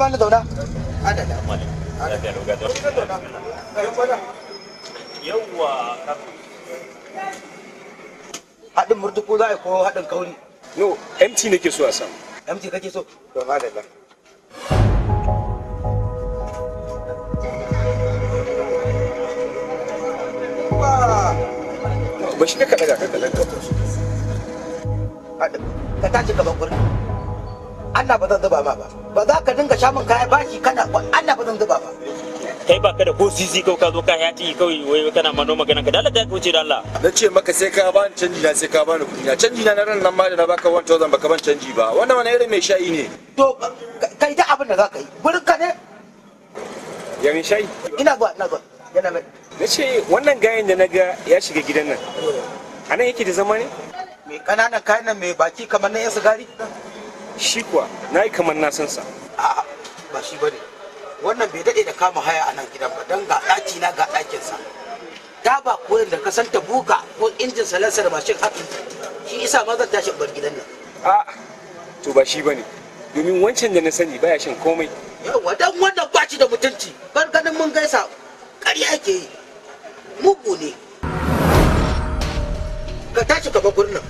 bani zauna yawwa haɗin murtuku za a yi ko haɗin kauri no mt ke so a samu mt kake so to madalla ba shi ka daga ka daga ka tashi gaban gurin Allah ba zan zuba ma ba ba za ka dinga shamun kaya bashi kana Allah ba zan zuba ba kai ba ka da ko sisi ko ka zo ka yati kai wai kana mano magana ka dalata ka wuce da Allah na ce maka sai ka ni canji na sai ka bani kuɗi na canji na ran nan ma da na baka 1000 baka ban canji ba wannan wani irin mai shayi ne to kai da abin da za ka yi burin ka ne ya mai shayi ina zuwa ina zuwa yana mai na ce wannan gayan da na ga ya shiga gidan nan anan yake da zama ne mai kananan kayan nan mai baki kamar na yan sigari shi kuwa na yi kamar nasan sa a'a ba shi bane wannan bai dade da kama haya a nan gidan ba don ga daki na ga dakin sa ta ba koyar da ka san ta buka ko injin da mashin haɗin shi isa ma zan tashi bar gidan nan a to ba shi bane domin wancan da na sani baya shan komai yawa dan wannan ba shi da mutunci bar ganin mun gaisa ƙarya ake yi mugu ne ka tashi ka bar gurnan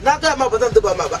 na ga ma ba zan zuba ma ba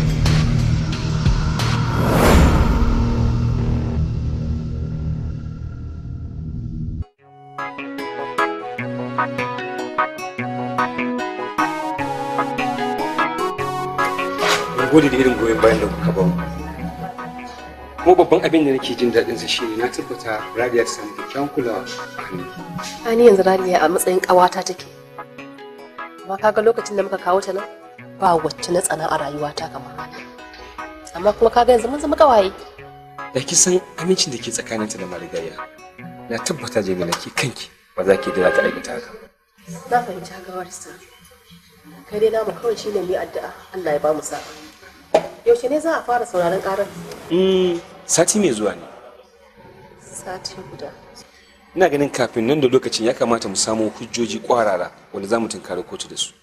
gode da irin goyon bayan da kuka ba mu kuma babban abin da nake jin daɗin sa shine na tabbata radiya ta samu kyakkyawan kulawa a ni yanzu radiya a matsayin ƙawata take amma kaga lokacin da muka kawo ta nan ba wacce na tsana a rayuwata kamar radiya amma kuma kaga yanzu mun zama ƙawaye da ki san amincin da ke tsakaninta da marigayya na tabbata jamila ke kanki ba za ki da ta aikata haka na fahimci haka warsa kai dai namu kawai shine mu addu'a Allah ya ba mu sa'a yaushe ne za a fara sauraron karar mm, sati mai zuwa ne sati guda ina ganin kafin nan da lokacin ya kamata mu samu hujjoji kwarara wanda za mu tunkari kotu da su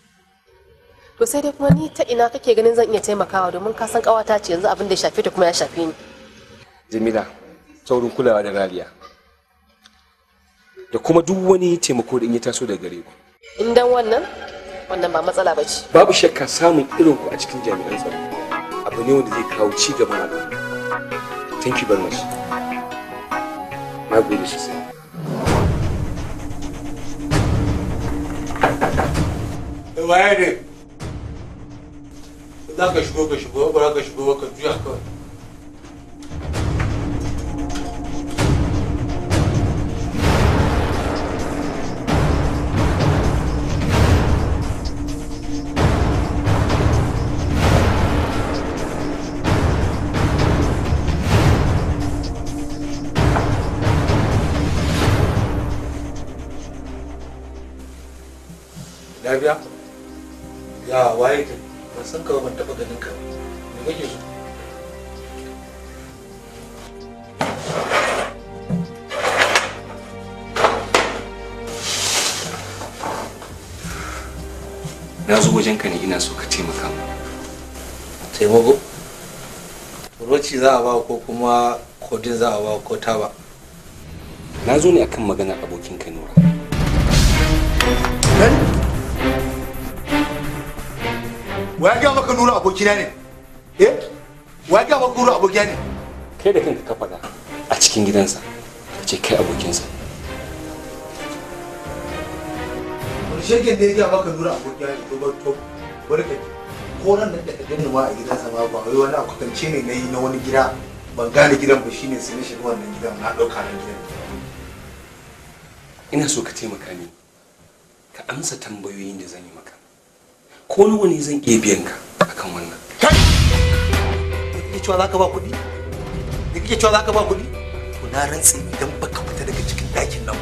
to sai dai kuma ni ta ina kake ganin zan iya taimakawa domin ka san kawata ce yanzu abin da ya shafe ta kuma ya shafe ni jamila saurin kulawa da rariya da kuma duk wani taimako da in ya taso daga gare ku in dan wannan wannan ba matsala ba ce babu shakka samun irin ku a cikin jami'an tsaro abu ne wanda zai kawo ci gaba na al'umma thank you very much na gode sosai eh, waye ne za ka shigo ka shigo ba ka shigo ka juya kawai Rabi'a? Ya waye kai? Ban san ka ban taɓa ganin ka. Me kake so? Na zo wajenka ne ina so ka taimaka mu. Taimako? Roci za a ba ko kuma kodin za a ba ko taba. Na zo ne akan magana abokin Kano. wa ga maka nura abokina ne eh wa ga maka nura abokina ne kai da kanka ka faɗa a cikin gidansa ka ce kai abokinsa shegen da ya ga maka nura abokina ne to ba to bari ko nan da ka gani ma a gidansa ma ba wai wani akutance ne na yi na wani gida ban gane gidan ba shine sai na shiga wannan gidan na ɗauka nan gidan ina so ka taimaka ni ka amsa tambayoyin da zan yi maka ko nawa ne zan iya biyan ka akan wannan da kake cewa zaka ba kuɗi da kake cewa zaka ba kuɗi to na rantsi idan baka fita daga cikin dakin nan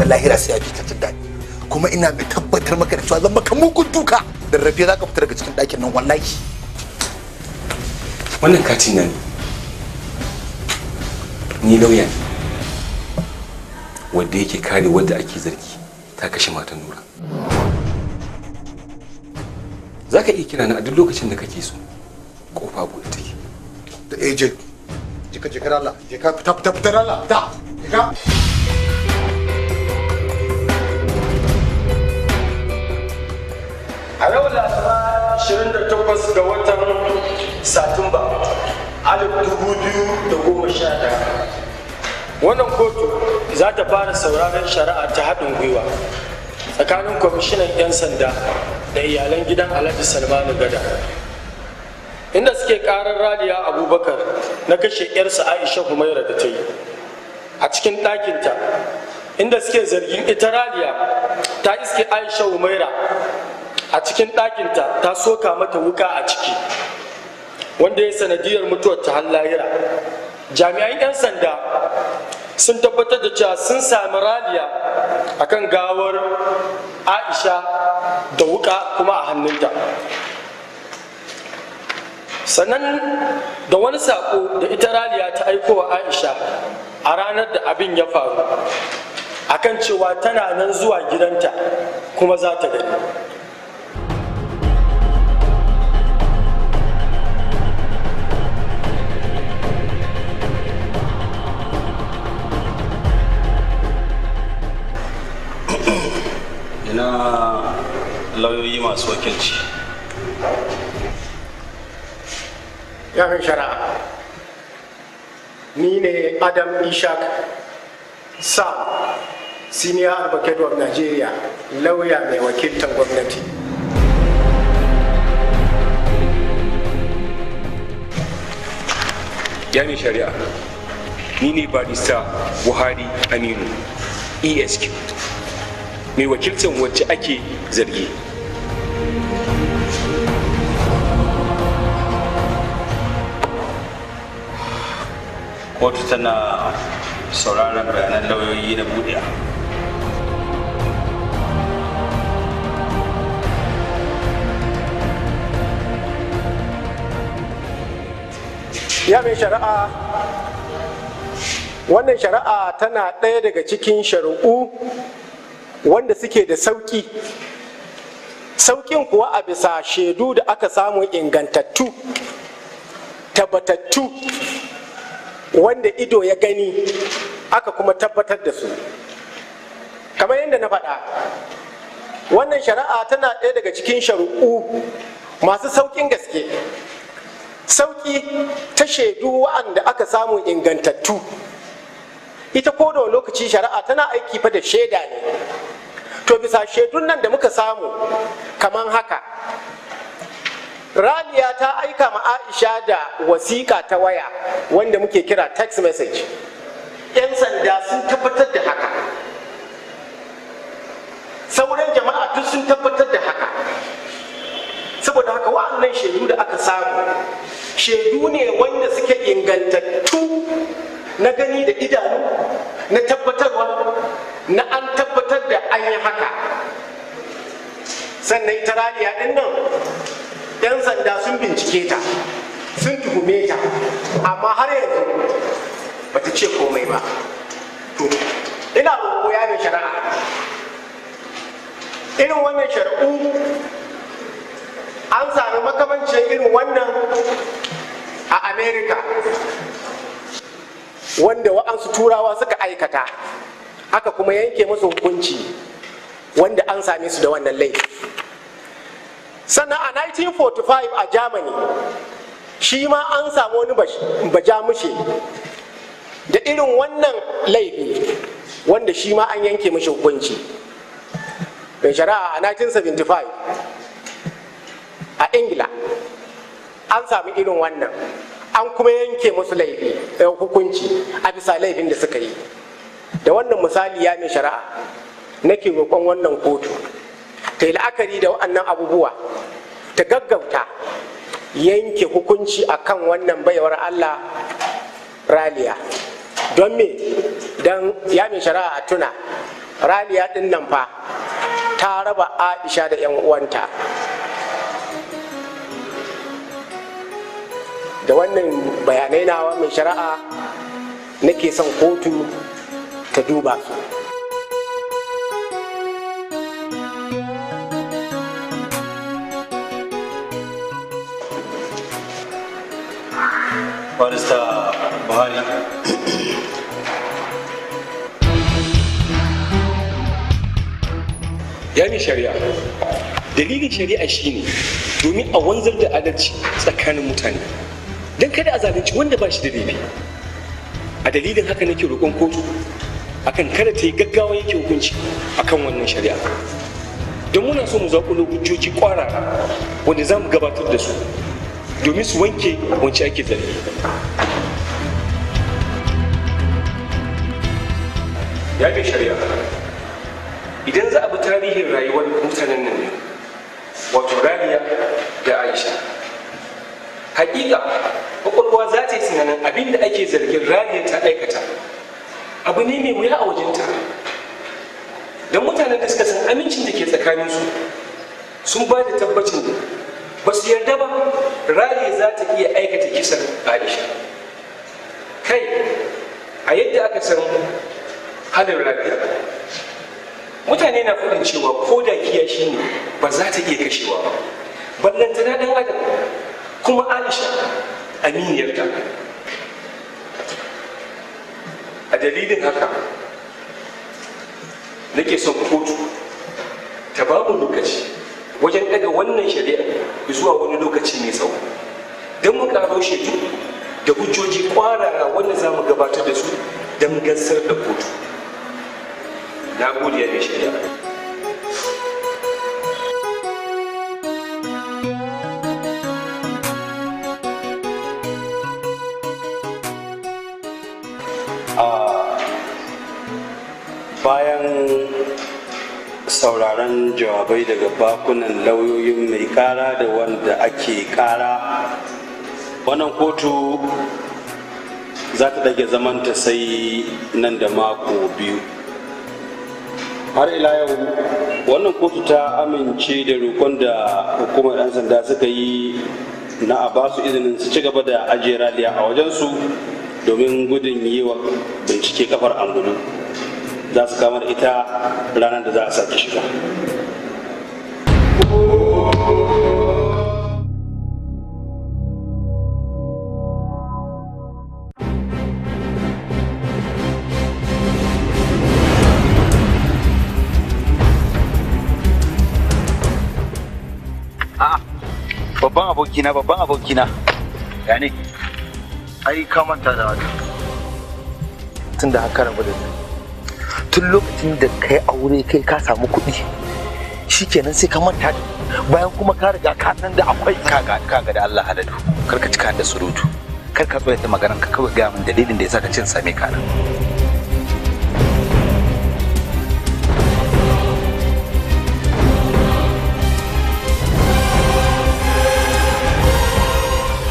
ba da ra sai ya fi ta daɗi kuma ina mai tabbatar maka da cewa zan maka mugun duka da rabe zaka fita daga cikin dakin nan wallahi wannan katin nan ni lauya ne wadda yake kare wadda ake zargi ta kashe matan nura za ka iya kira na a duk lokacin da kake so kofa buɗe take da agent jika jika rala jika fita fita fita rala ta jika a yau laraba 28 ga watan satumba alif 2011 wannan kotu za ta fara sauraron shari'a ta haɗin gwiwa tsakanin kwamishinan 'yan sanda da iyalan gidan alhaji salmanu gada inda suke karar radiya abubakar na kashe yarsa aisha humaira da ta yi a cikin ɗakinta inda suke zargin ita radiya ta iske aisha humaira a cikin ɗakinta ta soka mata wuka a ciki wanda ya sanadiyar mutuwar ta hallayira jami'an 'yan sanda sun tabbatar da cewa sun sami raliya a kan gawar aisha da wuka kuma a hannunta sannan da wani saƙo da ita raliya ta aiko wa aisha a ranar da abin ya faru akan cewa tana nan zuwa gidanta kuma za ta gani na lauyoyi masu wakilci yaran shari'a ni ne adam ishak sa senior advocate of nigeria lauya mai wakiltar gwamnati yani shari'a ni ne barista buhari aminu esq mai wakilcin wacce ake zargi kotu tana sauraron bayanan lauyoyi na buɗe ya mai shari'a wannan shari'a tana ɗaya daga cikin shari'u wanda suke da sauƙi sauƙin kuwa a bisa shaidu da aka samu ingantattu tabbatattu wanda ido ya gani aka kuma tabbatar da su kamar yadda na faɗa wannan shari'a tana ɗaya daga cikin shari'u masu sauƙin gaske sauƙi ta shaidu wa'anda aka samu ingantattu ita ko da lokaci shari'a tana aiki fa da shaida ne to bisa shaidun nan da muka samu kaman haka raliya ta aika ma aisha da wasiƙa ta waya wanda muke kira text message 'yan sanda sun tabbatar da haka sauran jama'a duk sun tabbatar da haka saboda haka wa'annan shaidu da aka samu shaidu ne wanda suke ingantattu na gani da idanu na tabbatarwa na an tabbatar da an yi haka sannan ita radiya ɗin nan 'yan sanda sun bincike ta sun tuhume ta amma har yanzu bata ce komai ba to ina roƙo ya mai shari'a irin wannan shari'u an sami makamancin irin wannan a Amerika. wanda wa'ansu turawa suka aikata aka kuma yanke musu hukunci wanda an same su da wannan laifi sannan a 1945 a germany shi ma an samu wani bajamushe da irin wannan laifi wanda shi ma an yanke mashi hukunci mai shari'a a 1975 a ingila an sami irin wannan an kuma yanke musu laifi eh, hukunci a bisa laifin da suka yi da wannan misali ya mai shari'a nake roƙon wannan kotu ta yi la'akari da wa'annan abubuwa ta gaggauta yanke hukunci a kan wannan baiwar Allah raliya don me don ya mai shari'a a tuna raliya ɗin nan fa ta raba aisha da 'yan uwanta da wannan bayanai nawa mai shari'a nake son kotu ta duba su barista buhari shari'a dalilin shari'a shine domin a wanzar da adalci tsakanin mutane don kada a zalunci wanda ba shi da laifi a dalilin haka nake roƙon kotu akan kada ta yi gaggawa yake hukunci akan wannan shari'a don muna so mu zaƙulo hujjoji ƙwarara wanda za mu gabatar da su domin su wanke wance ake zargi ya mai shari'a idan za a bi tarihin rayuwar mutanen nan wato rariya da aisha hakika za ta yi tunanin abin da ake zargin rani ta aikata abu ne mai wuya a wajenta don mutanen da suka san amincin da ke tsakaninsu sun ba da tabbacin ba su yarda ba rahi za ta iya aikata kisan aisha kai a yadda aka san halin rabiya mutane na faɗin cewa ko da kiyashi ne ba za ta iya kashewa ba ballantana ɗan adam kuma aisha aminiyarta a dalilin haka nake son kotu ta babu lokaci wajen daga wannan shari'a zuwa wani lokaci mai tsawo don mu karo shaidu da hujjoji kwarara wanda za mu gabatar da su don gansar da kotu na gode mai shari'a daga bakunan lauyoyin mai kara da wanda ake kara wannan kotu za ta zaman zamanta sai nan da mako biyu har ila yau wannan kotu ta amince da roƙon da hukumar 'yan sanda suka yi na a basu izinin su ci gaba da ajiye raliya a wajensu domin gudun yi wa bincike kafar angulu za su da ita ranar da za a sake shiga babban abokina babban abokina ya ne ai ka manta da haka tun da haka rabu da tun lokacin da kai aure kai ka samu kuɗi shikenan sai ka manta bayan kuma ka riga ka san da akwai kaga kaga da Allah halalu kar ka cika da surutu kar ka tsoya ta maganar ka kawai ga min dalilin da yasa ka cin same ka nan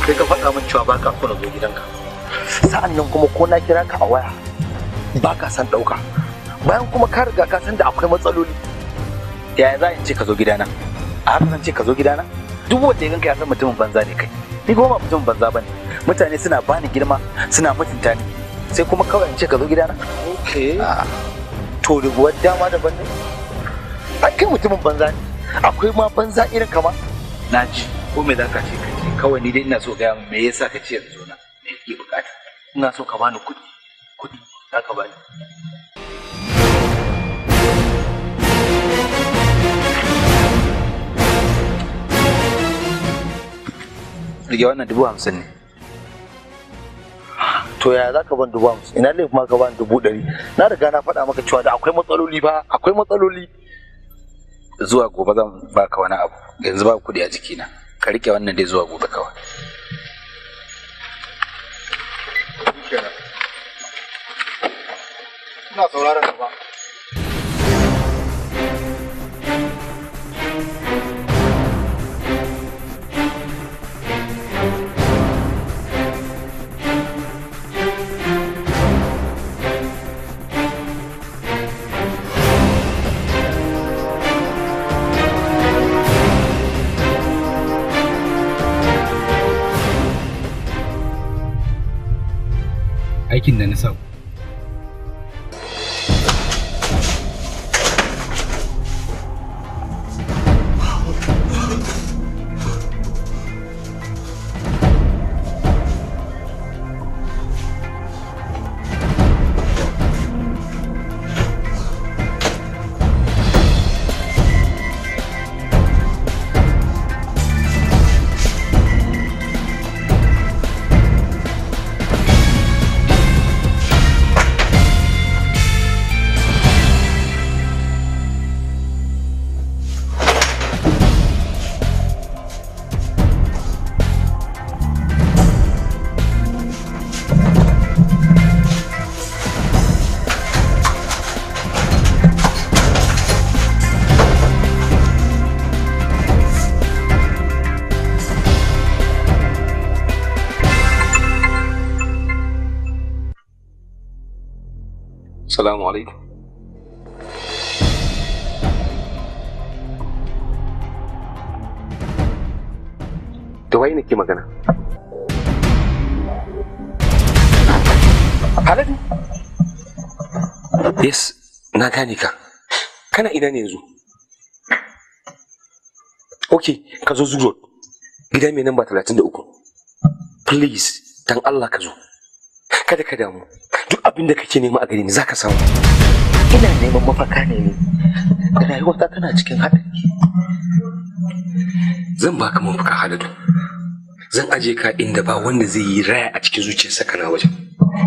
kai ka faɗa min cewa baka so na zo gidanka sa'an nan kuma ko na kira ka a waya baka san ɗauka bayan kuma ka riga ka san da akwai matsaloli yaya za in ce ka zo gidana a haka zan ce ka zo gidana duk wanda ya ganka ya san mutumin banza ne kai ni kuma ba mutumin banza bane mutane suna bani girma suna mutunta ni sai kuma kawai in ce ka zo gidana okay to rubuwar dama daban ne a kai mutumin banza ne akwai ma banza irin kama na ji ko me za ka ce ka ce kawai ni dai ina so gaya me yasa ka ce yanzu na me kike bukata ina so ka bani kuɗi kuɗi za ka bani rige wannan dubu hamsin ne to ya za ka ban dubu hamsin ina laifin ma ka ban dubu ɗari na riga na faɗa maka cewa da akwai matsaloli ba akwai matsaloli zuwa gobe zan baka wani abu yanzu ba kuɗi a jikina ka rike wannan dai zuwa gobe kawai ina sauraron ka ba aikin da na sau Salamu alaikum. Da wai nake magana? Haladu? Yes, na gane ka. Kana ina ne yanzu? Ok, ka zo Zoo Road, gida mai namba 33. Please, dan Allah ka zo. kada ka damu duk abin da kake nema a gare ni zaka samu ina neman mafaka ne ne rayuwata tana cikin haɗari zan baka mafaka haladu zan aje ka inda ba wanda zai yi raya a cikin zuciyarsa kana wajen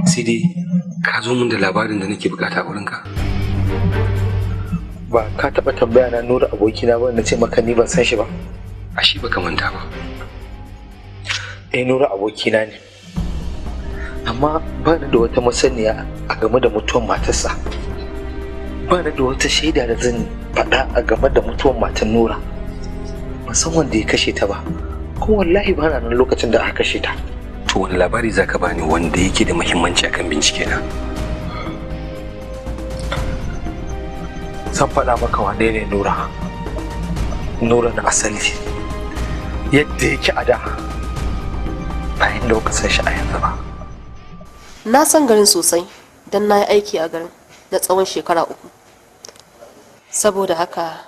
sai dai ka zo min da labarin da nake bukata wurin ka ba ka taba tambaya na nura abokina ba na ce maka ni ban san shi ba ashe baka manta ba eh nura abokina ne amma ba ni da wata masaniya a game da mutuwar matarsa ba ni da wata shaida da zan faɗa a game da mutuwar matar nura ban san wanda ya kashe ta ba kuma wallahi ba na nan lokacin da aka kashe ta to wani labari zaka bani wanda yake da muhimmanci akan bincike na san faɗa maka wane ne nura nura na asali yadda yake a da bayan lokacin shi a yanzu ba na san garin sosai don na yi aiki a garin na tsawon shekara uku saboda haka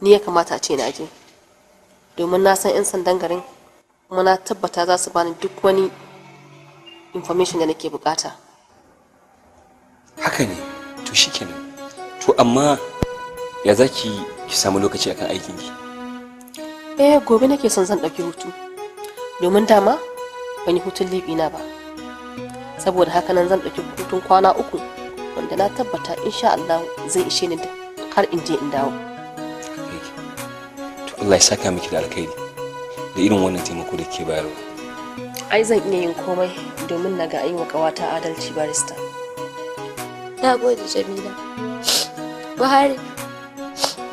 ni ya kamata ce na je domin na san 'yan sandan garin kuma na tabbata za su bani duk wani information da nake bukata haka ne to shikenan to amma ya za ki samu lokaci akan aikin aikinki eh gobe nake son zan ɗauki hutu domin dama ban yi hutun na ba saboda haka nan zan ɗauki hutun kwana uku wanda na tabbata insha Allah zai ishe ni har in je in dawo to Allah ya saka miki da alkhairi da irin wannan taimako da ke bayarwa ai zan iya yin komai domin na ga an wa kawata adalci barista na gode jamila buhari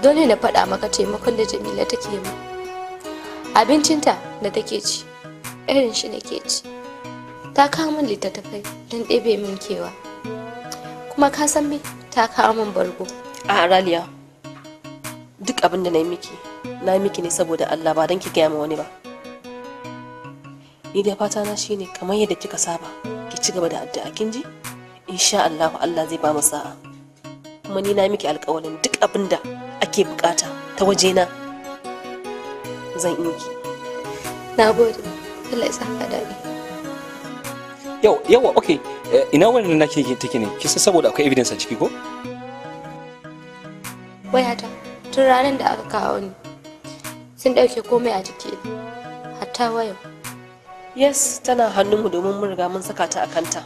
dole na faɗa maka taimakon da jamila take ma. abincinta da take ci irin shi nake ci ta kawo min littattafai don ɗebe min kewa kuma ka san me ta kawo min bargo a raliya duk abin da na yi miki na yi miki ne saboda allah ba don ki gaya ma wani ba ni dai fata na shine kamar yadda kika saba ki ci gaba da addu'a kin ji insha Allah Allah zai ba mu sa'a kuma ni na yi miki alƙawarin duk abin da ake bukata ta waje na zan yi ki nagode Allah ya saka daɗi yau yawa ok eh, ina wannan nake take ne kisa saboda akwai evidence a ciki ko wayata tun ranar da aka kawo ni sun ɗauke komai a jiki hatta wayo. yes tana hannunmu domin mun riga mun saka ta a kanta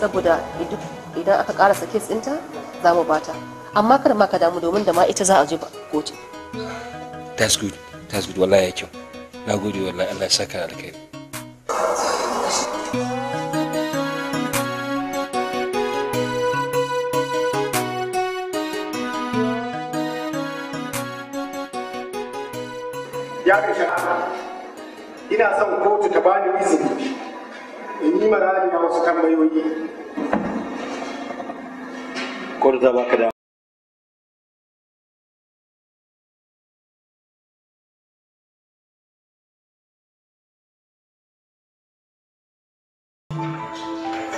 saboda idan aka karasa kes ɗinta za mu bata amma kar ma ka damu domin da ma ita za a je kotu that's good that's good wallahi ya kyau na gode wallahi Allah ya saka alkhairi ya ga shari'a ina son kotu ta bani izini in yi marari na wasu tambayoyi kotu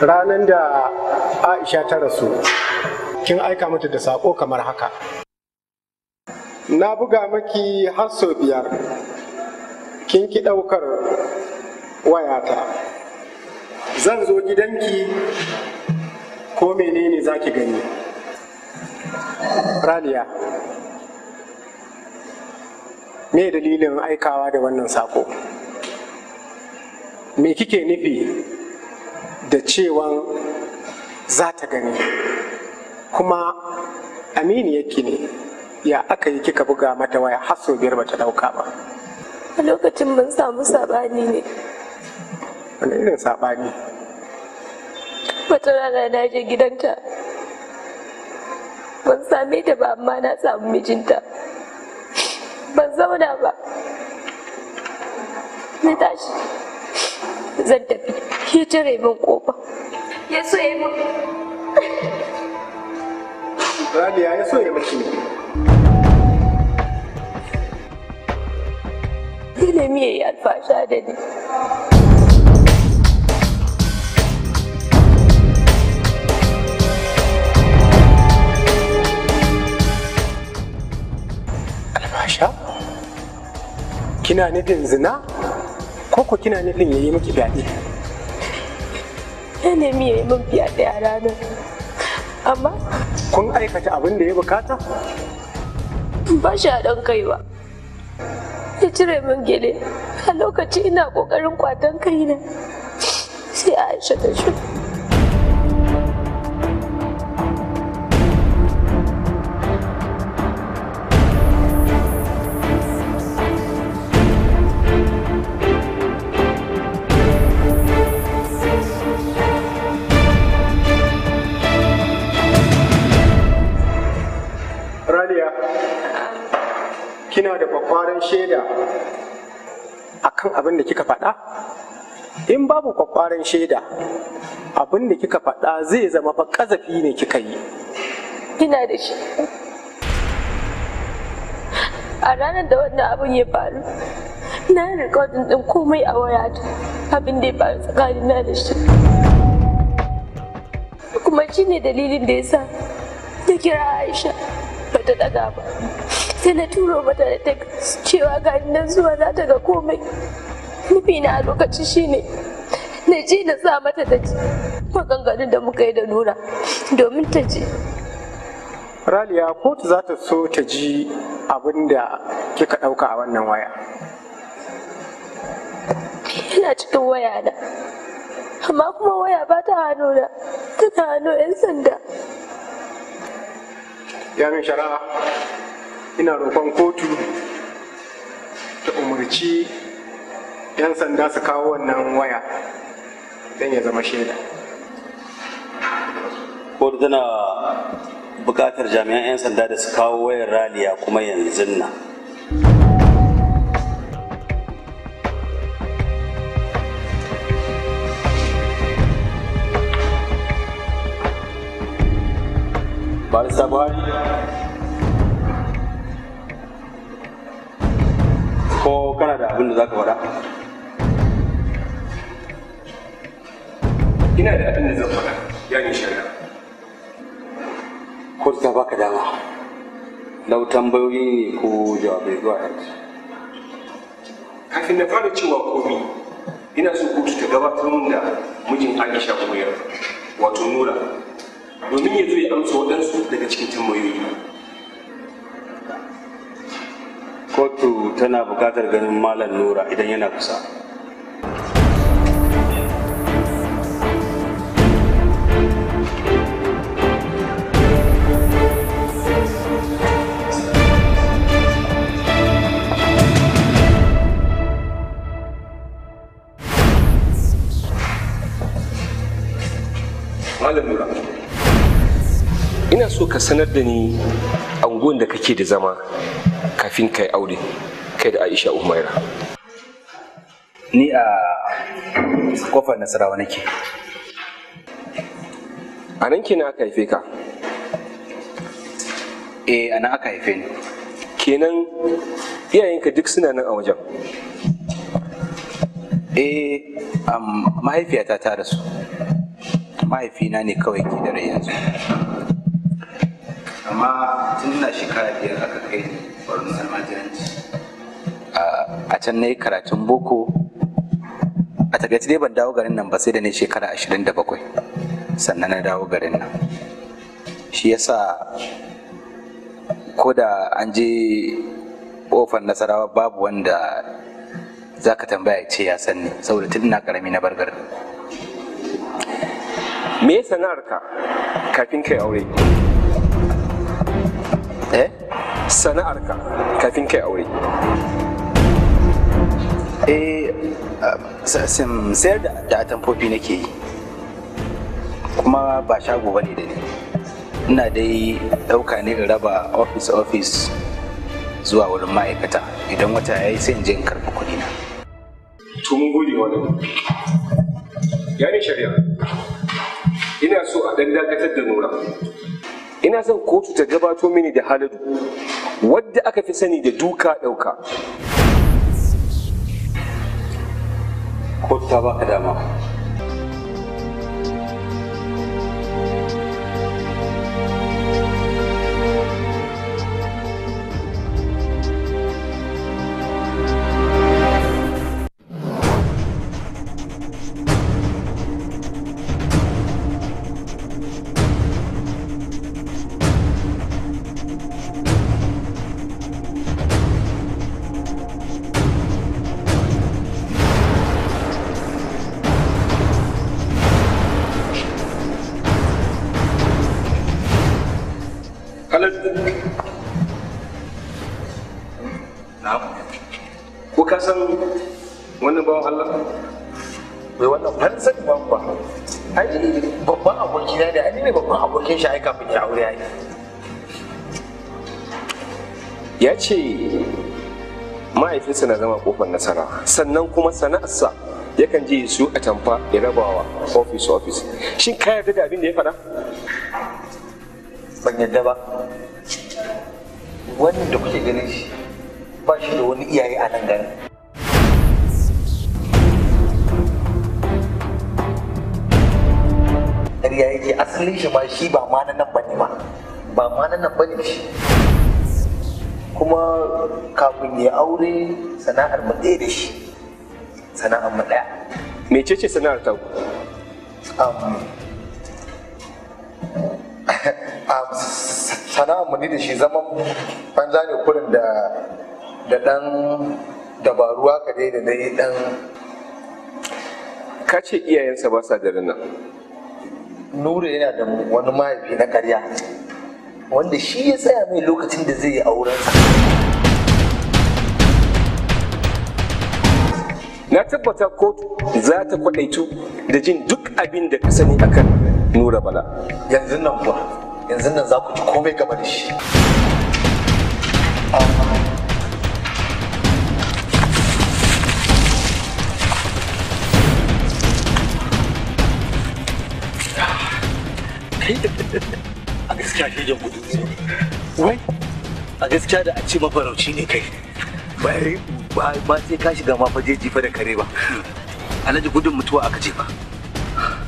ranar da aisha ta rasu kin aika mata da sako kamar haka na buga maki har sau biyar kin ki ɗaukar wayata zan zo gidanki ko menene za ki gani raliya me dalilin aikawa da wannan sako me kike nufi da cewan za ta gani kuma amini yake ne ya aka yi kika buga mata waya har sau biyar bata dauka ba a lokacin mun samu sabani ne wani irin sabani wata rana na je gidanta ban same ta ba amma na samu mijinta ban zauna ba na tashi zan tafi ya cire min kofa ya so ya yi Raliya ya so ya mutu. ne. taimiyya ya yi alfasha da ni alfasha kina nufin zina ko ko kina nufin ya yi miki fyaɗe ya nemi ya yi min fyaɗe a ranar amma kun aikata abin da ya bukata ba shi a ɗan kaiwa ya cire min gele a lokaci ina kokarin kwatan kaina sai aisha ta shuka. abin da kika faɗa in babu kwakwaran shaida abin da kika faɗa zai zama ba ƙazafi ne kika yi ina da shi a ranar da wannan abin ya faru na yi rikodin ɗin komai a wayata abin da ya faru tsakanin na da shi kuma shi ne dalilin da ya sa ta kira aisha ba ta daga ba sai na turo mata da ta cewa ga nan zuwa za ta ga komai nufina a lokaci shine na ji na sa mata da maganganun da muka yi da nura domin ta ji raliya kotu za ta so ta ji abin kika ɗauka a wannan waya yana cikin waya na amma kuma waya ba ta hannu na tana hannu 'yan sanda ya min shara'a ina roƙon kotu ta umarci 'yan sanda su kawo wannan waya don ya zama shaida kotu tana bukatar jami'an 'yan sanda da su kawo wayar raliya kuma yanzu nan barista buhari ko kana da abin da za ka faɗa ina da abin da zan faɗa ne shari'a ko ta baka dama lau tambayoyi ne ko jawabai zuwa yanzu kafin na fara cewa komi ina so kotu ta gabatar min da mijin aisha yau, wato nura domin ya zo ya amsa waɗansu daga cikin tambayoyi kotu tana buƙatar ganin malam nura idan yana kusa malam ina so ka sanar da ni anguwan da kake da zama kafin kai aure kai da aisha umaira ni a kofar nasarawa nake a nan kenan aka haife ka eh a nan aka haife ni kenan iyayenka duk suna nan a wajen eh mahaifiyata ta rasu mahaifina ne kawai ke da rai yanzu amma tun na shekara biyar aka kai barno almajiranci a can na yi karatun boko a takaice dai ban dawo garin nan ba sai da ne shekara ashirin da bakwai sannan na dawo garin nan shi yasa ko da an je ofan nasarawa babu wanda za ka tambaya ce ya san saboda tun na karami na bargar me sana'arka kafin kai aure eh sana'arka kafin kai aure eh ah, sayar da atamfofi nake yi kuma ba shago bane da ni ina dai dauka ne da raba office office zuwa wurin ma'aikata idan wata ya yi sai in je in karfi kuɗi na. Tun gode wani. Yani shari'a. ina so a dan dakatar da nura ina son kotu ta gabato mini da haladu wadda aka fi sani da duka ɗauka kotu ta baka dama suna zama kofar nasara sannan kuma sana'arsa yakan je su a tamfa ya rabawa office office shin ka yarda da abin da ya fada ban yarda ba wannan da kuke ganin shi ba shi da wani iyaye a nan garin ƙarya yake asalin shi ba shi ba ma na nan bane ma ba ma na nan bane shi kuma kafin ya aure sana'ar mu ɗaya da shi sana'ar mu ɗaya mece ce sana'ar ta sana'ar mu ne da shi zaman an zane kurin da da ɗan dabaru haka dai da dai ɗan ka ce iyayensa ba sa garin nan nura yana da wani mahaifi na karya wanda shi ya tsaya mai lokacin da zai yi aurensa na tabbata ko za ta kwadaitu da jin duk abin da ka sani akan nura bala yanzu nan kuwa yanzu nan za ku ji komai gaba da shi ha ha. shafilin kudi wai a gaskiya da a ce mafarauci ne kai ba ma sai ka shiga ma jifa da kare ba alhaji gudun mutuwa aka ce ba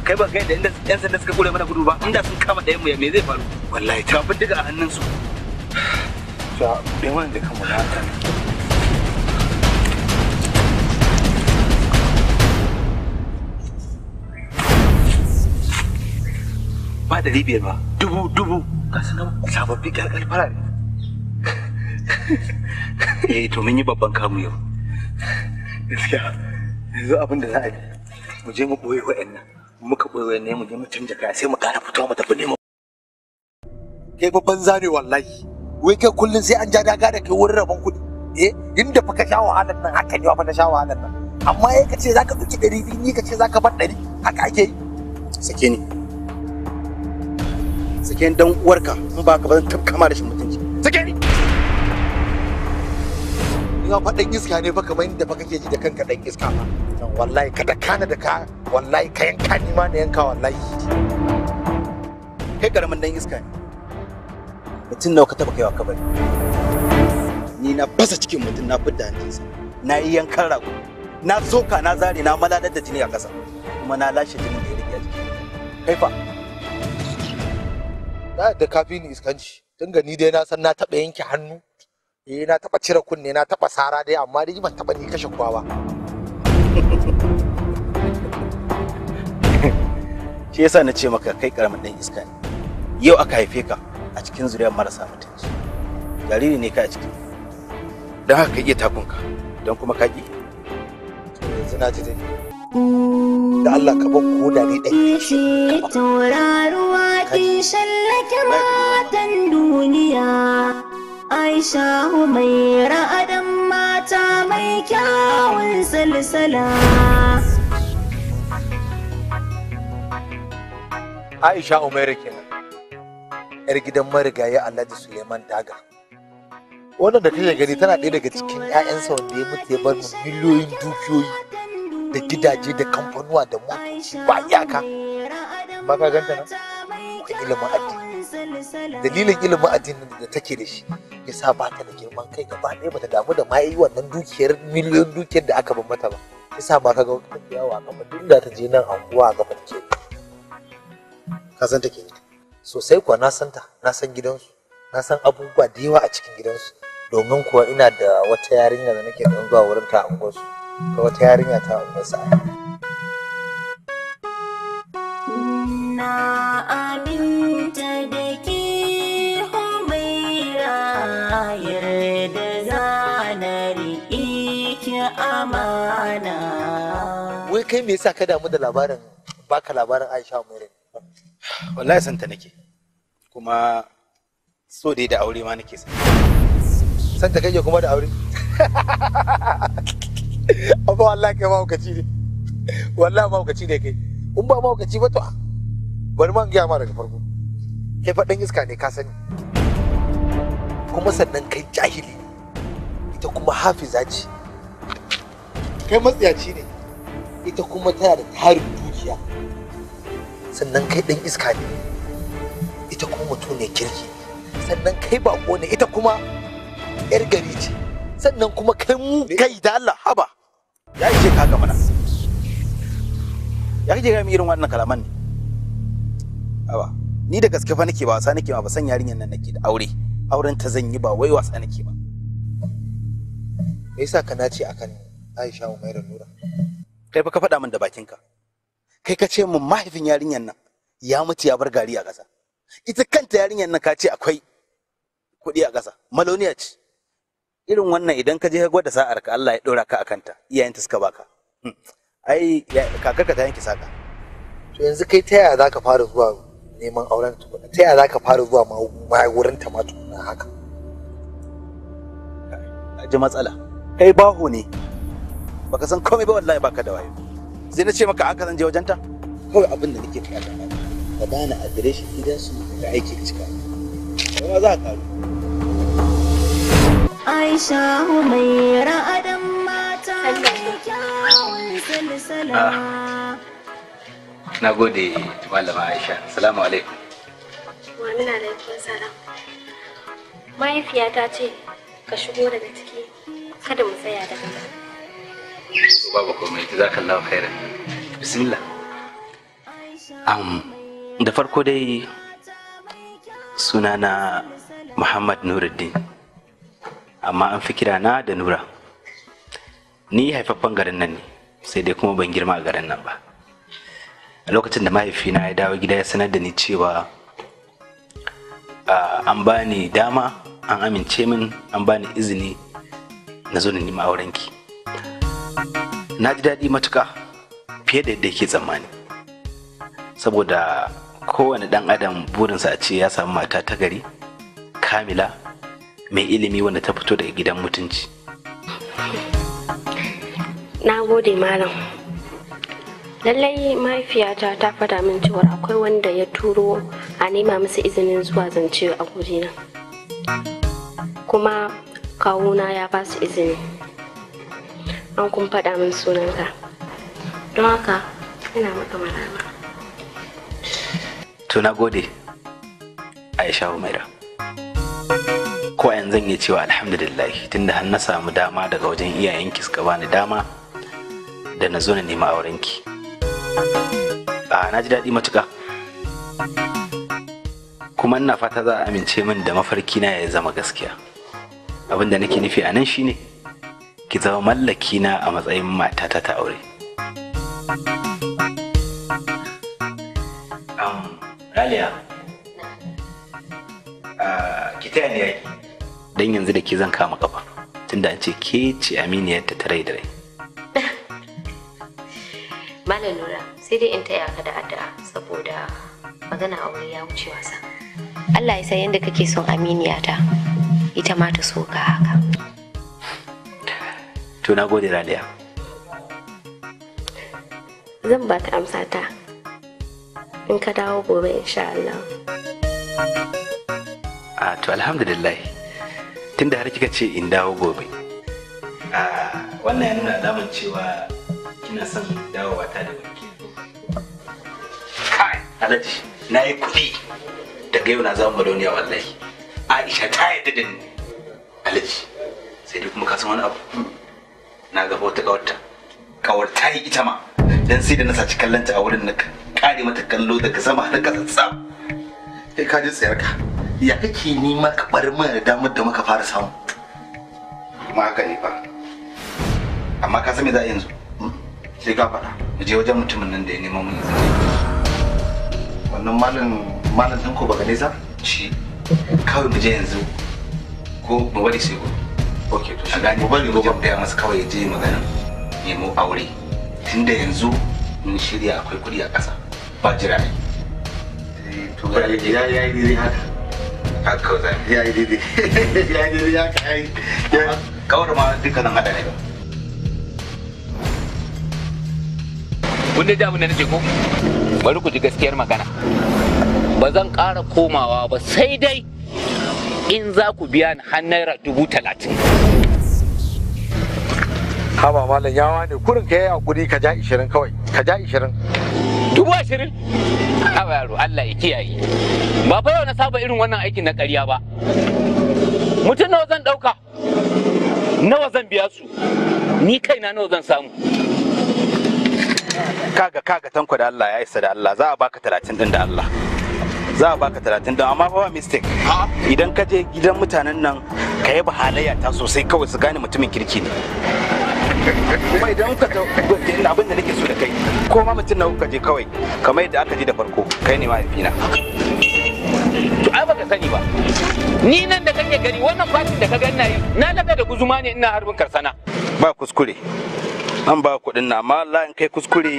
kai ba kai da inda yan sanda suka kure mana gudu ba inda sun kama ɗayan mu ya me zai faru wallahi ta bindiga a hannun su ta da ba biyar ba dubu dubu ga su nan sababbi ƙarƙar farare eh to mun yi babban kamu yau gaskiya yanzu abin da za a yi mu je mu ɓoye wa'annan muka ɓoye wa'annan mu je mu canja kaya sai mu ƙara fitowa mu tafi neman kai fa banza ne wallahi wai kai kullum sai an ja daga da kai wurin rabon kuɗi eh inda fa ka sha wahalar nan haka ne wa na sha wahalar nan amma ya eh, ka ce zaka ɗauki ɗari biyu ni ka ce za ka bar ɗari haka ake yi sake ni sake dan uwarka in ba ka ba kama da shi mutunci sake ni ina faɗin iska ne fa kamar inda fa kake ji da kanka dan iska ma wallahi ka da kana da ka wallahi ka yanka ni ma da yanka wallahi kai karamin dan iska ne mutum nawa ka taba kaiwa bari ni na fasa cikin mutum na fidda sa na yi yankan rago na soka na zare na maladar da jini a ƙasa kuma na lashe jinin da ya rike a jiki kai fa da kafi ni iskanci tun ni dai na san na taɓa yanke hannu eh na taɓa cire kunne na taɓa sara dai amma dai ban taba ni kashe kowa ba shi yasa na ce maka kai karamin ɗan iska ne yau aka haife ka a cikin zuriyar marasa mutunci jariri ne ka a ciki don haka ka iya takunka don kuma ka ki yanzu na ji dai da Allah ka bar ko da ne ɗan shi tauraruwa kin shallake matan duniya Aisha mai ra'adan mata mai kyawun salsala Aisha Umaira kenan yar gidan marigayi Alhaji Suleiman Daga wannan da take gani tana ɗaya daga cikin 'ya'yansa wanda ya mutu ya bar miliyoyin dukiyoyi da gidaje da kamfanuwa da motoci ba iyaka ba ka ganta na da ilimin addini dalilin ilimin addini da take da shi ya sa ba ta da girman kai gaba ɗaya ba ta damu da ma'ayi wannan dukiyar miliyon dukiyar da aka ban mata ba ya sa ba ka ga wata yawa a duk da ta je nan anguwa a kafa ke, ka san take sosai kuwa na san ta na san gidansu na san abubuwa da yawa a cikin gidansu domin kuwa ina da wata yarinya da nake ɗan zuwa wurin ta a unguwarsu ga wata yarinya ta wasa na aminta da ke humaira yarda za na riƙe amana wai kai me yasa ka damu da labarin baka labarin Aisha Umaira wallahi san ta nake kuma so dai da aure ma nake san ta kake kuma da aure amma Allah kai mahaukaci ne wallahi mahaukaci ne kai in ba mahaukaci ba to ah, bari man gaya ma daga farko kai faɗin iska ne ka sani kuma sannan kai jahili ita kuma hafiza ce kai matsiyaci ne ita kuma tana da tarin dukiya sannan kai ɗan iska ne ita kuma mutum ne kirki sannan kai bako ne ita kuma 'yar gari ce sannan kuma kai mu kai da Allah haba ya yi ka ga mana ya yi ga irin wannan kalaman ne haba ni da gaske fa nake ba wasa nake ba san yarinyar nan nake da aure auren ta zan yi ba wai wasa nake ba me yasa ka nace akan Aisha Umaira Nura kai fa ka faɗa min da bakinka kai ka ce min mahaifin yarinyar nan ya mutu ya bar gari a ƙasa ita kanta yarinyar nan ka ce akwai kuɗi a ƙasa maloniya ce irin wannan idan ka je ka gwada sa'ar ka Allah ya dora ka akan ta iyayen ta suka baka mm. ai kakar ka ta yanke saka to yanzu kai ta yaya zaka fara zuwa neman auren ta ta yaya zaka fara zuwa ma wurin ta ma na haka ji matsala kai baho ne baka san komai ba wallahi baka da wayo sai na ce maka haka zan je wajen ta kawai abin da nake kai ka bani adireshin gidansu da aiki cika ba za ka karu Aisha Humaira Adam mata mai kyawun silsila. Ah. Na gode malama Aisha. Salamu alaikum. Wa alaikum salam. Mahaifiyata ce ka shigo daga ciki kada mu tsaya daga nan. Babu komai jazakallahu khaira. Bismillah. Am da farko dai sunana Muhammad Nuruddin. amma an fi kira na da nura ni haifaffen garin nan ne sai dai kuma ban girma a garin nan ba a lokacin da mahaifina ya dawo gida ya sanar da ni cewa ah, an ba ni dama an amince min an ba ni izini na zo na nima aurenki na ji daɗi matuka fiye da yadda yake tsammani saboda kowane ɗan adam burinsa a ce ya samu mata ta gari kamila mai ilimi wanda ta fito daga gidan mutunci na gode malam lallai mahaifiyata ta fada min cewa akwai wanda ya turo a nema musu izinin zuwa zance a gudina. kuma kawuna ya ba su izini an kun fada min sunanka don haka ina maka maraba to na gode aisha umaira ko yanzu zan iya cewa alhamdulillah tunda har na samu dama daga wajen iyayenki suka bani dama da na zo na nemi aurenki a na ji daɗi matuƙa kuma ina fata za a amince min da mafarki na ya zama gaskiya abin da nake nufi a nan shine ki zama mallaki na a matsayin matata ta aure um, Raliya. ki taya ni yaki dan yanzu da ke zan kama kafa tunda an ce ke ce aminiyar ta tare da rai malam nura sai dai in taya ka da addu'a saboda magana aure ya wuce wasa Allah ya san yadda kake son aminiya ta ita ma ta so ka haka to na gode raliya zan ba ta amsa ta in ka dawo gobe insha Allah. a to alhamdulillah tunda har kika ce in dawo gobe a wannan ya nuna alamun cewa kina son dawowa ta da banki kai alhaji na yi kuɗi daga yau na zama madoniya wallahi aisha ta yi da ni alhaji sai dai kuma kasan wani abu na gaba wata kawarta kawarta yi ita ma dan sai da na saci kallonta a wurin na kare mata kallo daga sama har kasa tsam kai ka ji tsayar ka ya kake nema ka bar mana da damar da muka fara samu kuma haka ne fa amma ka san me za a yanzu hmm? sai ka faɗa mu je wajen mutumin nan da ya nema mun yanzu wannan malam malam din ko baka nisa shi kawai mu je yanzu ko mu bari sai ko ok to shi gani bari mu je masa kawai ya je magana nemo aure tunda yanzu mun shirya akwai kuɗi a ƙasa ba jira ne eh, to ya ya haka Pat Kozan. Ya yi daidai. Ya yi daidai ya ka yi. Kawar ma dukkanin hada ne. Kun dai abin da nace ko? Bari ku ji gaskiyar magana. Ba zan ƙara komawa ba sai dai in za ku biya ni naira dubu talatin. Haba malam yawa ne kurin ka yi hakuri ka ja ishirin kawai ka ja ishirin. dubu ashirin kawai yaro Allah ya kiyaye ba fa wani na saba irin wannan aikin na ƙarya ba mutum nawa zan ɗauka nawa zan biya su ni kaina nawa zan samu kaga kaga tanko da Allah ya isa da Allah za a baka talatin din da Allah za a baka talatin din amma ba mistake idan ka je gidan mutanen nan ka yi halayya ta sosai kawai su gane mutumin kirki ne kuma idan ka ina abin da nake so da kai ko ma mutum na kuka je kawai kamar yadda aka ji da farko kai ne mahaifina to ai baka sani ba ni nan da kake gari wannan fatin da ka ganna yi na daga da guzuma ne ina harbin karsana ba kuskure an ba kuɗin na amma Allah in kai kuskure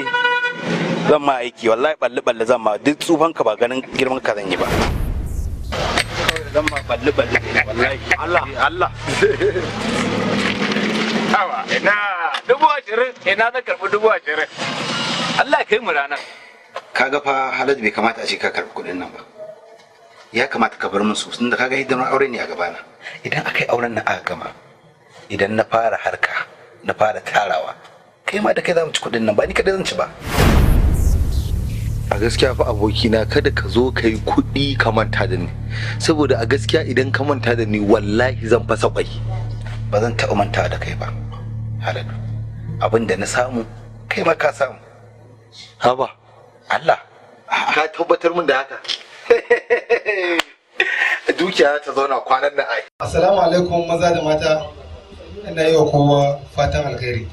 zan ma aiki wallahi balle balle zan ma duk tsufan ka ba ganin girman ka zan yi ba zan ma balle balle wallahi Allah Allah awa ina dubu ashirin ina na karɓi dubu ashirin Allah ya kai mu ranar ga fa Haladu bai kamata a ce ka karɓi kuɗin nan ba ya kamata ka bar min su tunda kaga hidimar aure ne a gabana idan aka yi auren nan aka gama idan na fara harka na fara tarawa kai ma da kai za mu ci kuɗin nan ba ni kadai zan ci ba a gaskiya fa abokina kada ka zo ka yi kuɗi ka manta da ni saboda a gaskiya idan ka manta da ni wallahi zan fasa kwai ba zan taɓa manta da kai ba haladu abin da na samu kai ma ka samu haba Allah ka tabbatar min da haka dukiya ta zauna kwanan nan ai assalamu alaikum maza da mata ina yi wa kowa fatan alkhairi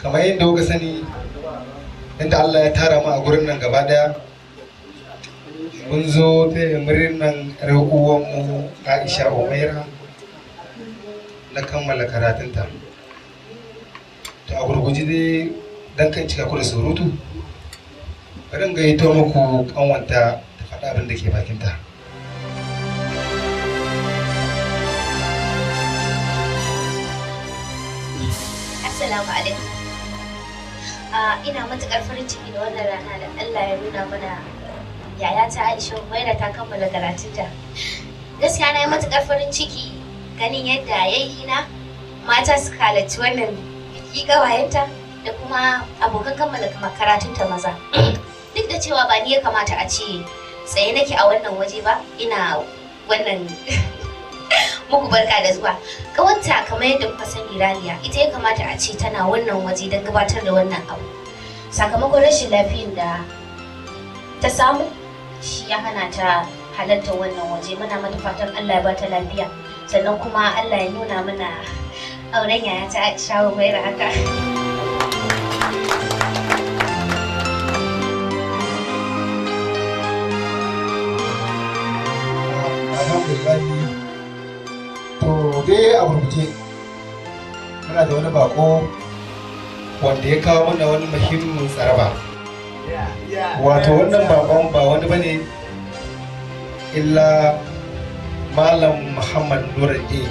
kamar yadda kuka sani inda Allah ya tara mu a gurin nan gaba daya mun zo ta murnan mu Aisha Umaira na kammala karatunta to a gurguji dai dan kan cika ku da surutu bari gaito muku kanwanta ta faɗa abin da ke bakinta Assalamu alaikum. ina matuƙar farin ciki da wannan rana da Allah ya nuna mana yaya ta Aisha Umaira ta kammala karatunta. Gaskiya na yi matuƙar farin ciki ganin yadda yayi na mata suka halarci wannan biki gawayenta da kuma abokan kammala karatunta maza duk da cewa ba ni ya kamata a ce tsaye nake a wannan waje ba ina wannan muku barka da zuwa kawarta kamar yadda kuka sani raliya ita ya kamata a ce tana wannan waje don gabatar da wannan abu sakamakon rashin lafiyar da ta samu shi ya hana ta halarta wannan waje muna mata fatan allah ya ba ta lafiya sannan kuma Allah ya nuna mana auren yaya ta Aisha wa mai haka. dai a rubuce muna da wani bako wanda ya kawo mana wani muhimmin tsaraba. Wato wannan bakon ba wani bane illa malam muhammad nuruddin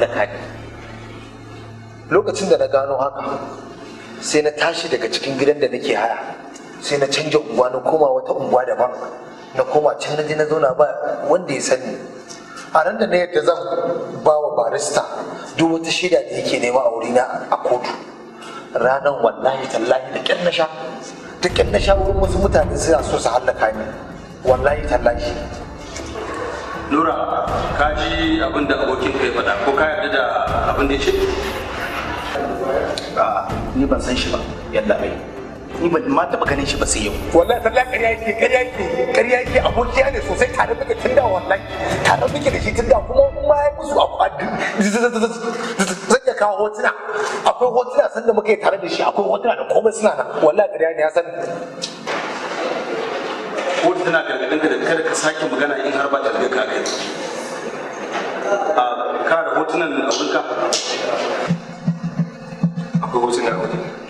ni lokacin da na gano haka sai na tashi daga cikin gidan da nake haya sai na canja unguwa na koma wata unguwa daban na koma can na je na zauna ba wanda ya sani a ran da na yadda zan ba wa barista duk wata shaida da yake nema a wurina a kotu ranar wallahi tallahi da kyan na sha wurin wasu mutane suna so su hallaka ni wallahi tallahi nura ka ji abin da abokin kai faɗa ko ka yarda da abin da ya ce ni ban san shi ba yadda ai ni ban ma taɓa ganin shi ba sai yau wallahi ya ƙarya yake ƙarya yake ƙarya yake abokiya ne sosai tare muke tun da wallahi tare muke da shi tun da kuma ma ya musu a kwadi zan iya kawo hotuna akwai hotuna sanda muke tare da shi akwai hotuna da komai suna nan wallahi ƙarya ne ya san ko tana gargadin ka da kada ka sake magana in har ba ta ka kai ah, a kara hotunan abinka akwai hotunan abinka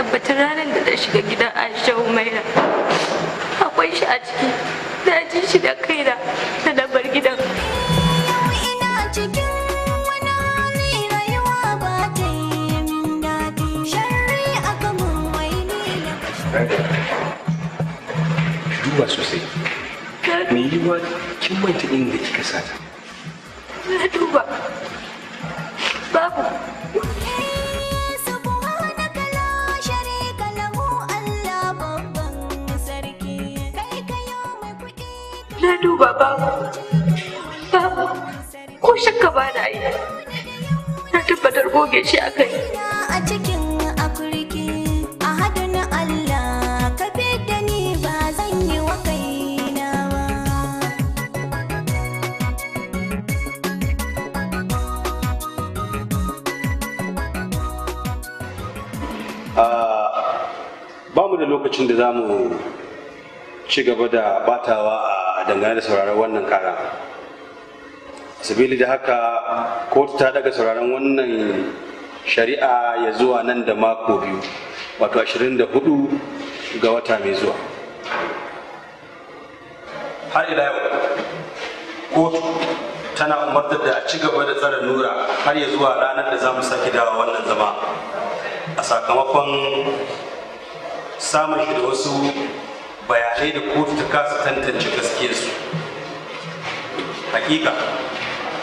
tabbatar ranar da zai shiga gidan aisha umaira akwai shi a ciki na ji shi da kaina da na bar gidan duba sosai yi wa kin manta inda kika sata buge shi a a cikin afirki, a hadin Allah ka da ni ba zan yi wa kaina ba ah, ba da lokacin da za mu cigaba da batawa a dangane da sauraron wannan kara sabili da haka kotu ta daga sauraron wannan shari'a ya zuwa nan da mako biyu wato 24 ga wata mai zuwa har ila yau kotu tana umartar da a ci gaba da tsare nura har ya zuwa ranar da za mu sake dawa wannan zama a sakamakon samun shi da wasu bayanai da kotu ta kasa tantance gaskiyarsu hakika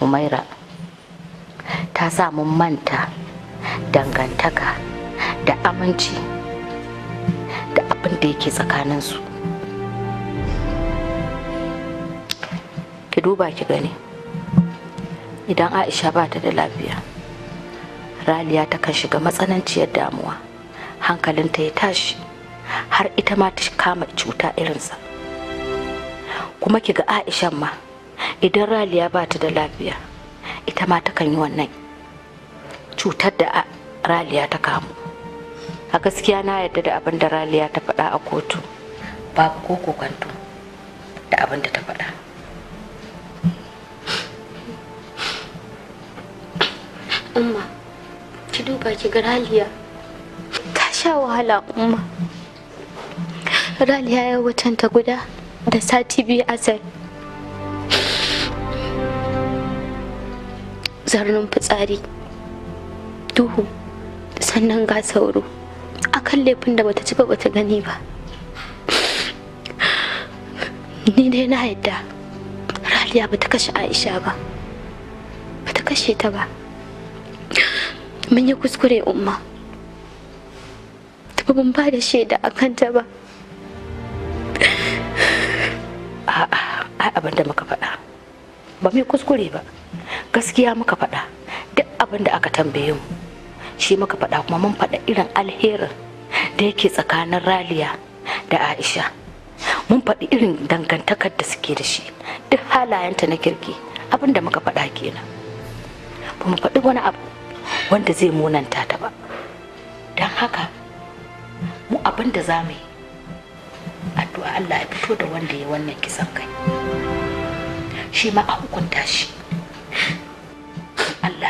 humaira ta sa mun manta dangantaka da aminci da abin da yake tsakaninsu ki duba ki gani idan aisha ba ta da lafiya raliya takan shiga matsananciyar damuwa hankalinta ya tashi har ita ma ta kama cuta irinsa kuma ki ga Aisha ma idan raliya ba ta da lafiya ita ma ta kan yi wannan cutar da raliya ta kamu a gaskiya na yarda da abin da raliya ta faɗa a kotu babu ko kokanto da abin da ta faɗa umma ki duba ki ga raliya ta sha wahala umma raliya ya wutanta guda da sati biyu asali zarnin fitsari duhu sannan ga sauro a kan laifin da bata ci ba bata gani ba ni dai na yadda raliya bata kashe aisha ba bata kashe ta ba mun yi kuskure umma ta ban ba da shaida a kanta ba a'a abin da muka faɗa ba mai kuskure ba gaskiya muka faɗa duk abin da aka tambaye mu shi muka faɗa kuma mun faɗa irin alherin da yake tsakanin raliya da aisha mun faɗi irin dangantakar da suke da shi duk halayenta na kirki abin da muka faɗa kenan ba mu faɗi wani abu wanda zai munanta ta ba don haka mu abinda da za mu yi addu'a allah ya fito da wanda ya wannan kisan kai shi ma a hukunta shi Allah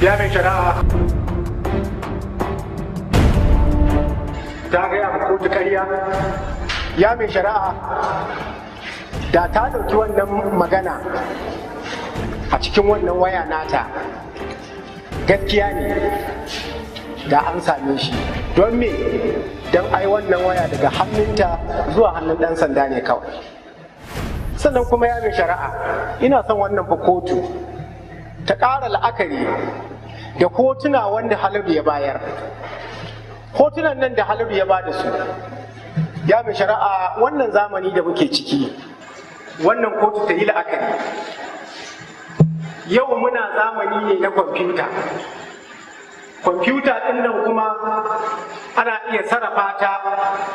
ya yarda ya mai shari'a ta gaya ma kotu kariya ya mai da ta ɗauki wannan magana a cikin wannan waya nata gaskiya ne da an same shi don me don ai wannan waya daga hannunta zuwa hannun dan sanda ne kawai sannan kuma ya mai shari'a ina son wannan fa kotu ta ƙara la'akari da kotuna wanda haladu ya bayar Kotunan nan da haladu ya bada su ya mai shari'a wannan zamani da muke ciki wannan kotu ta yi la'akari yau muna zamani ne na kwamfuta kwamfuta ɗin nan kuma ana iya sarrafa ta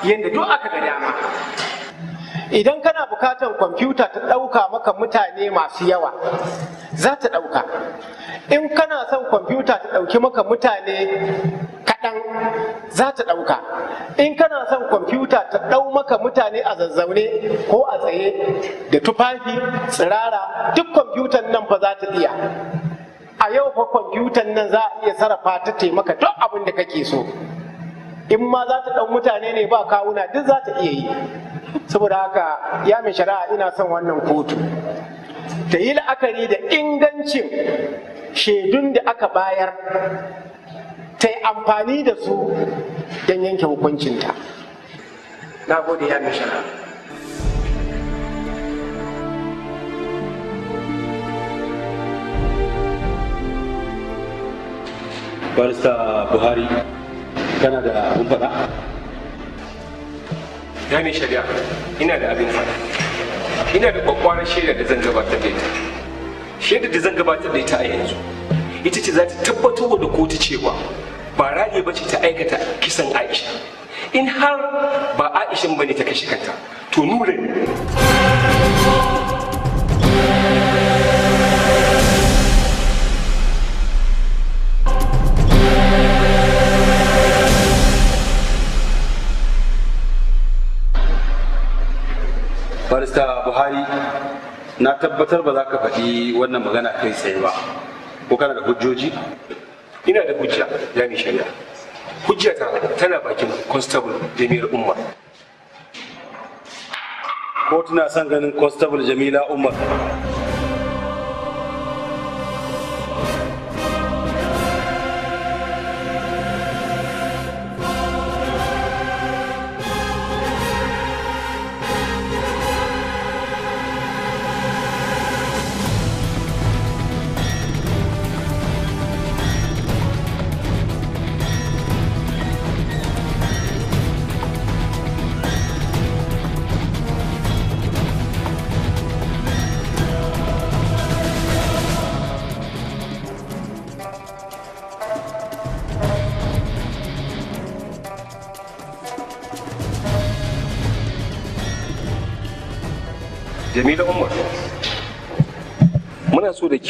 yadda duk aka ga dama idan kana bukatan kwamfuta ta ɗauka maka mutane masu yawa za ta ɗauka in kana son kwamfuta ta ɗauki maka mutane kaɗan za ta ɗauka in kana son kwamfuta ta ɗau maka mutane a zazzaune ko a tsaye da tufafi tsirara duk kwamfutan nan fa za ta iya a yau fa kwamfutan nan za a iya sarrafa ta taimaka duk abin da kake so in ma za ta ɗau mutane ne ba kawuna duk za ta iya yi saboda haka ya mai shari'a ina son wannan kotu ta yi la'akari da ingancin shaidun da aka bayar ta yi amfani da su don yanke hukuncinta na gode ya mai shari'a barista buhari kana da abin faɗa gane shari'a ina da abin faɗa ina da kwakwaran shaida da zan gabatar da ita shaida da zan gabatar da ita a yanzu ita ce za ta tabbatar da kotu cewa ba rage ba ce ta aikata kisan aisha in har ba aishan ba ne ta kashe kanta to nura ne buhari na tabbatar ba za ka faɗi wannan magana kai tsaye ba ko kana da hujjoji ina da hujja ya mi shari'a hujja ta tana bakin constable jami'ar umar ko tana son ganin constable jamila umar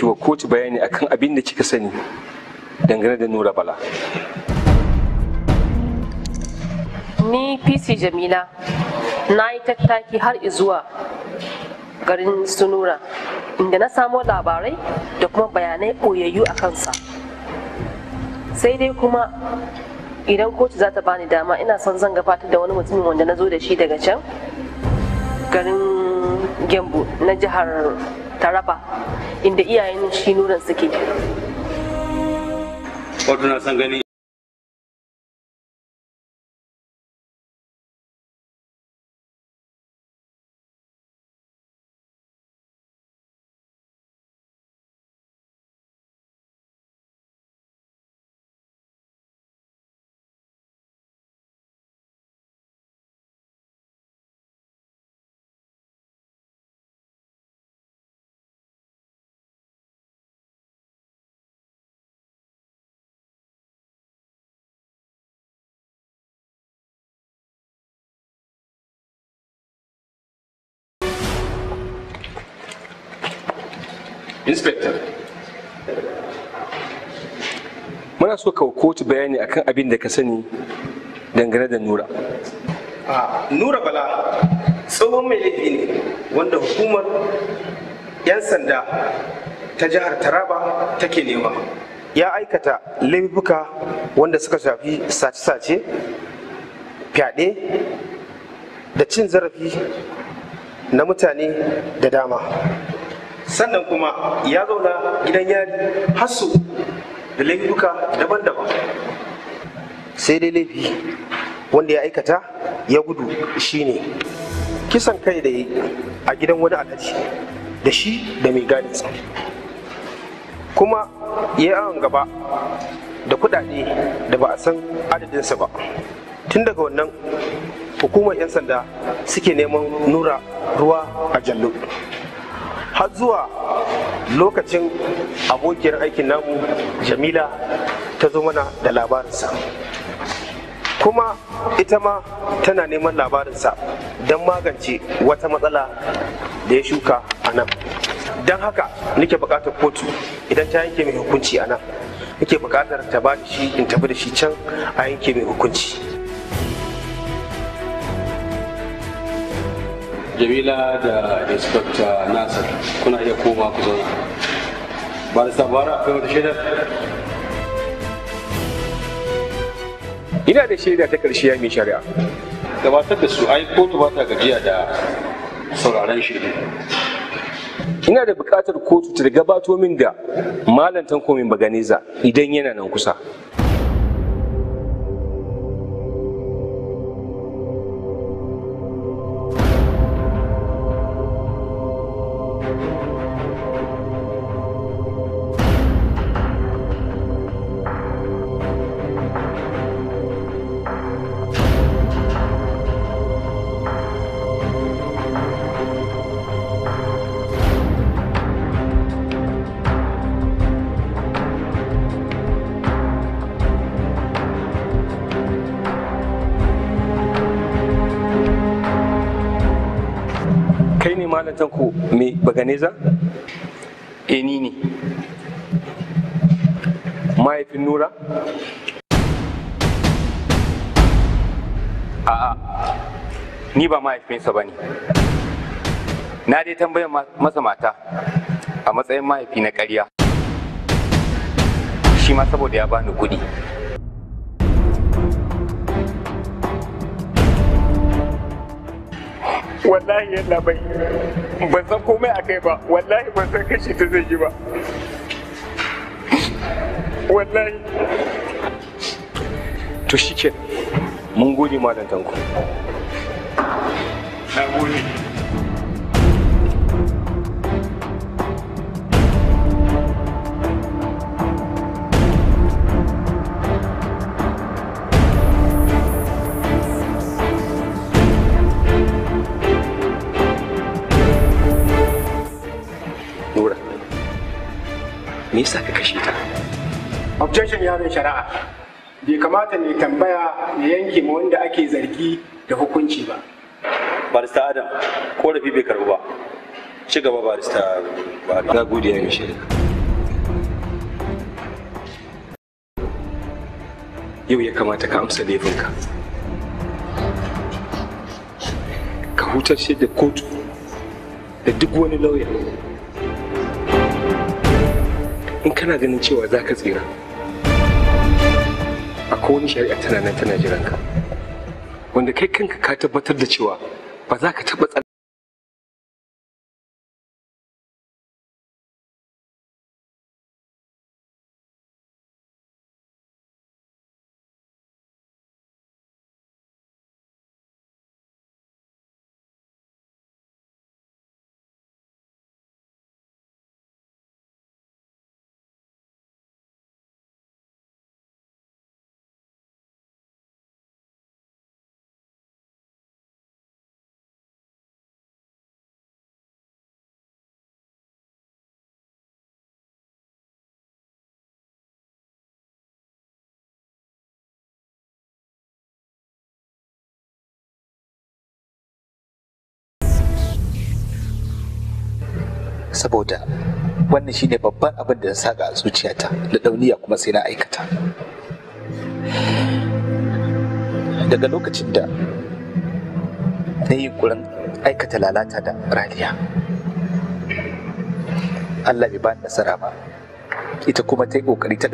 wa kotu bayani akan abin da kika sani dangane da nura bala ni pc jamila na yi tattaki har izuwa garin sunura inda na samo labarai da kuma bayanai ɓoyayyu a kansa sai dai kuma idan kotu za ta bani dama ina son zan gabatar da wani mutumin wanda na zo da shi daga can garin gembu na jihar taraba inda iyayen shi nuran suke inspector muna so ka kotu bayani akan abin da ka sani dangane da nura nura bala tsohon mai laifi ne wanda hukumar 'yan sanda ta jihar taraba take nema ya aikata laifuka wanda suka shafi sace-sace fyaɗe da cin zarafi na mutane da dama sannan kuma ya zauna gidan yari hasu da laifuka daban-daban sai dai laifi wanda ya aikata ya gudu shine kisan kai da a gidan wani alhaji da shi da mai gadinsa kuma ya yawon gaba da kudade da ba a san adadinsa ba tun daga wannan hukumar 'yan sanda suke neman nura ruwa a Jallu. har zuwa lokacin abokiyar aikin namu jamila ta zo mana da labarinsa kuma ita ma tana neman labarinsa don magance wata matsala da ya shuka a nan don haka nake bukatar kotu idan ta yanke mai hukunci a nan nake bukatar ta ba da shi in tafi da shi can a yanke mai hukunci jamila da inspector nasir kuna iya koma ku zauna ba da sabara akwai wata shaidar ina da shaida ta karshe ya mai shari'a gabatar da su ai kotu ba ta gajiya da sauraron shaidu ina da buƙatar kotu ta gabato min da malam tanko min baganiza idan yana nan kusa ganeza e eh, ni ne mahaifin nura a'a ni ba mahaifinsa ba ne na dai tambayar masa mata a matsayin mahaifi na ƙarya shi ma saboda ya bani kuɗi wallahi yalla bai ban san komai a kai ba wallahi ban san kashi ta zai yi ba wallahi to shike mun gode malam tanko na gode me yasa ka kashe ta objection ya zai shari'a bai kamata ne tambaya ya yanke ma wanda ake zargi da hukunci ba barista adam korafi bai karbu ba ci gaba barista buhari na gode ne shi yau ya kamata ka amsa laifinka ka hutar da kotu da duk wani lauya in kana ganin cewa za ka tsira a kowane shari'a tana nan tana jiranka wanda kai kanka ka tabbatar da cewa ba za ka taɓa saboda wannan shine babban abin da na saka a zuciyata da dauniya kuma sai na aikata daga lokacin da na yi kuran aikata lalata da raliya Allah bai ba nasara ba ita kuma ta yi kokari ta